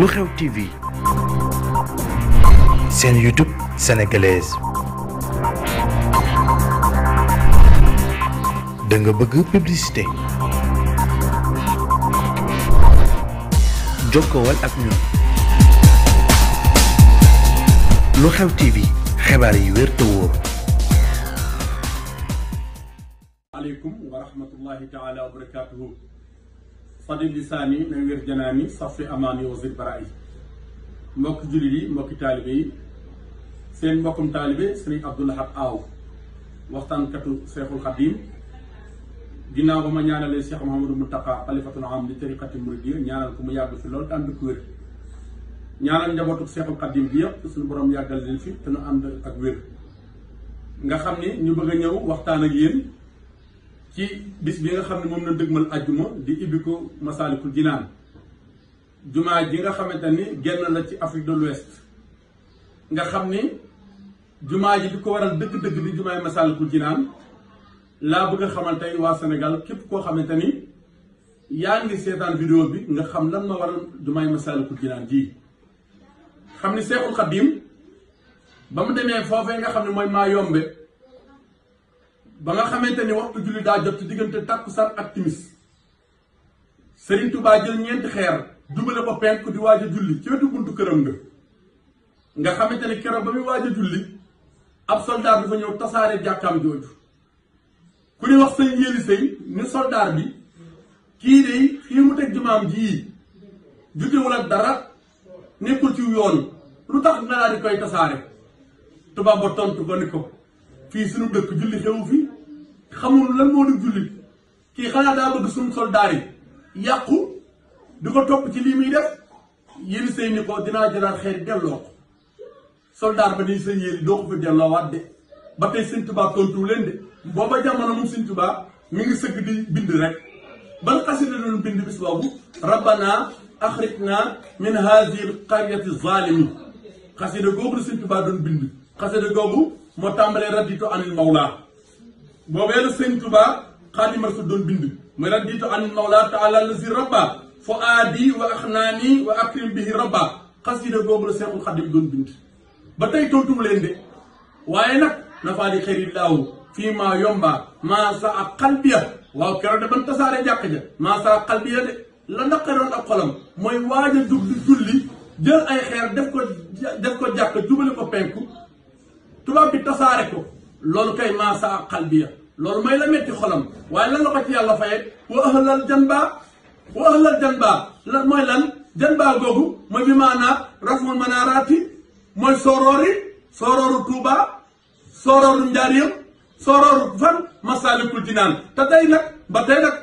lu xew TV seen YouTube sénégalaise da nga bëgg publicité jokkowal ak ñun lu xew TV xibaar yi wér te wóor. aleykum wa rahmatullahi taala wa barakaatuhu. fadi lisaani na wér janaani safi amaani wasir bara yi mbokki jullit yi mbokki taalibe yi seen mbokkum taalibe sëriñ Abdou Lahad Aw waxtaankatu seexul xadiim ginnaaw ba ma ñaanalee Cheikh Mouhamadou Mountakha xalifatul am li tariqati muridiyya ñaanal ko mu yàgg fi loolu te ànd ko wér ñaanal njabootu seexul xadiim bi yëpp suñu borom yàggal leen fi te nu ànd ak wér nga xam ni ñu bëgg a ñëw waxtaan ak yéen ci bis bi nga xam ne moom la dëgmal ajjuma di ibbi ko Masaalikul Jinaan jumaa ji nga xamante ni genn la ci Afrique de l'Ouest nga xam ni jumaa ji di ko waral dëgg-dëgg di jumaay Masaalikul Jinaan laa bëgg a xamal waa senegal képp koo xamante ni yaa ngi seetaan vidéo bi nga xam lan ma waral jumaay Masaalikul Jinaan ji xam ni Seexul Xadiim ba mu demee foofee nga xam ne mooy maa yombe ba nga xamante ni waxtu julli daa jot ci diggante takkusaan ak timis Serigne Touba jël ñeenti xeer jubale ko penk di waaj a julli ci wetu buntu këram nga nga xamante ne keroog ba muy waaj a julli ab soldaar dafa ñëw tasaare jàkkaam jooju ku ñuy wax sëñ Yéli Sey ni soldaar bi kii de fii mu teg jumaam jii jotewul ak dara nekkul ci yoon lu tax nga di koy tasaare tubaab ba tontu ko ni ko fii suñu dëkk julli xewu fi xamul lan moo di jullit kii xanaa daa bëgg suñu soldaar yi yàqu di ko topp ci lii muy def yéen sëy ni ko dinaa jëlaat xeer delloo ko soldaar ba ni sa yéri doo ko fi delloowaat de ba tey Sëñ Tuubaa leen de booba jamono moom Sëñ Tuubaa mi ngi sëgg di bind rek ban xasida doon bind bis boobu rabbana axrijna min haadihi alqaryati zaalimi xasida googu la Sëñ Tuubaa doon bind xasida googu moo tàmbalee raditu anil mawla boobee seen sëñ Tuba Xaadimu Rasuul doon bind mooy raditu an mawla taala lazi rabba fo aadi wa axnaani wa akrim bihi rabba xasida googu la Seexul Xaadim doon bind ba tey tontu mu leen de waaye nag nafaa di xëri laaw fii maa yomba maa sa a xalbiya waaw keroog de ban tasaare jàkk ja maa sa a xalbiya de la naqaroon ak xolam mooy waaj a dugg julli jël ay xeer def ko ko jàkk jubale ko penku tubaab bi tasaare ko loolu kay maa sa a lool mooy la metti xolam waaye lan la ko ci yàlla fayee wa ahlal janba wa ahlal janba lan mooy lan janba googu mooy bi maanaa rafmul manaaraati mooy sooroor yi soorooru Touba soorooru Njaaréem soorooru fan Masaalikul Jinaan te day nag ba tey nag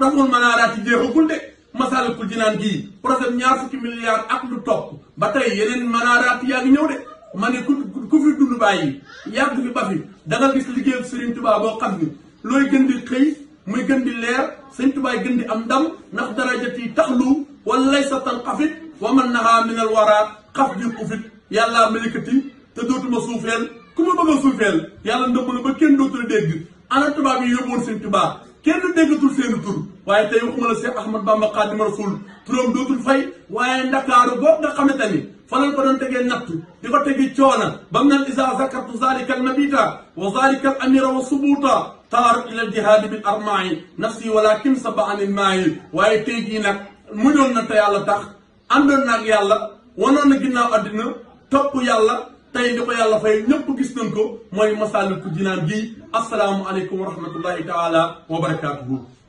rafmul manaaraati jeexagul de Masaalikul Jinaan gii projet ñaar fukki milliards ak lu topp ba yeneen manaaraati yaa ngi ñëw de. ma ne ku ku fi dund bàyyi yàgg fi ba fi da nga gis liggéeyam Serigne boo xam ni looy gën di xëy muy gën di leer Serigne Touba gën di am ndam ndax darajat yi taxlu wala lay sa tan xafit wa man nahaa minal wara xaf bi yàlla yàllaa malikati te dootuma suufeel ku ma bëgg a suufeel yàlla ndëpp la ba kenn dootu la dégg ana tubaab yi yóbboon Serigne Touba kenn déggatul seen tur waaye tey waxuma la Cheikh Ahmad Bamba Xaadimu Rasuul turam dootul fay waaye ndakaaru boobu nga xam ne tamit fanal ko doon tegee natt di ko tegi coona bam nan isa zakartu zalika al mabita wa zalika al amira wa subuta taaru ila al jihaadi bil armaai nafsi walakin saba an il maayi waaye tey jii nag muñoon na te yàlla tax àndoon na ak yàlla wanoon na ginnaaw addina topp yàlla tey li ko yàlla fay ñëpp gis nañ ko mooy masaalikul jinaan bi asalaamualeykum wa rahmatullahi taala wa barakaatuhu